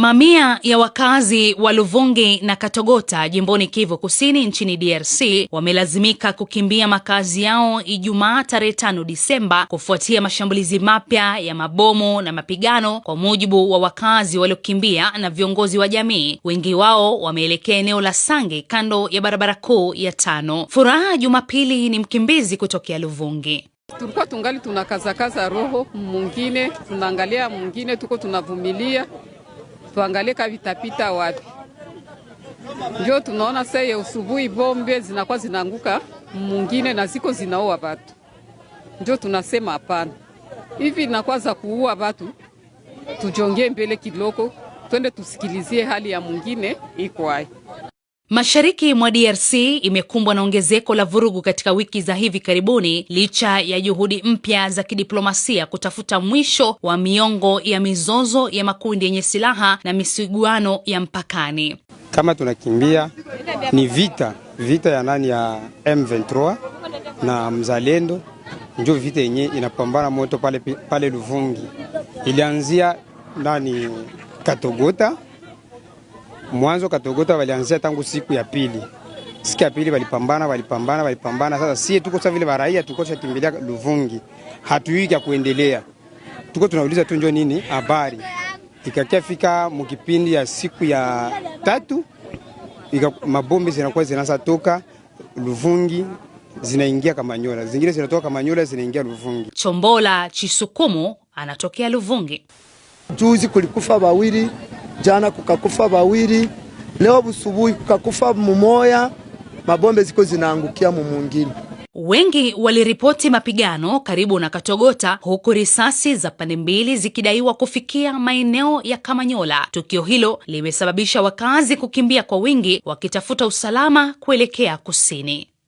Mamia ya wakazi wa Luvungi na Katogota jimboni Kivu Kusini nchini DRC wamelazimika kukimbia makazi yao Ijumaa tarehe tano Disemba kufuatia mashambulizi mapya ya mabomu na mapigano, kwa mujibu wa wakazi waliokimbia na viongozi wa jamii. Wengi wao wameelekea eneo la Sange kando ya barabara kuu ya tano. Furaha Jumapili ni mkimbizi kutokea Luvungi. Tulikuwa tungali tunakazakaza roho, mwingine tunaangalia, mwingine tuko tunavumilia tuangalie kama vitapita wapi. Ndio tunaona seye usubuhi bombe zinakuwa zinaanguka mungine na ziko zinaua watu, ndio tunasema hapana, hivi inakuwa za kuua watu. tujongee mbele kidogo, twende tusikilizie hali ya mwingine iko Mashariki mwa DRC imekumbwa na ongezeko la vurugu katika wiki za hivi karibuni licha ya juhudi mpya za kidiplomasia kutafuta mwisho wa miongo ya mizozo ya makundi yenye silaha na misiguano ya mpakani. Kama tunakimbia ni vita, vita ya nani? Ya M23 na Mzalendo, ndio vita yenye inapambana moto pale, pale Luvungi ilianzia nani Katogota Mwanzo katogota walianzia tangu siku ya pili, siku ya pili walipambana, walipambana, walipambana. Sasa sie tuko sasa vile baraia tuko kimbilia Luvungi, hatujui ya kuendelea, tuko tunauliza tu njoo nini habari. Ikakafika mkipindi ya siku ya tatu, ika, mabombi zinakuwa toka Luvungi zinaingia Kamanyola, zingine zinatoka Kamanyola zinaingia Luvungi. Chombola Chisukumu anatokea Luvungi. Juzi kulikufa bawili jana kukakufa bawiri, leo busubuhi kukakufa mumoya, mabombe ziko zinaangukia mumungine. Wengi waliripoti mapigano karibu na Katogota huku risasi za pande mbili zikidaiwa kufikia maeneo ya Kamanyola. Tukio hilo limesababisha wakazi kukimbia kwa wingi wakitafuta usalama kuelekea kusini.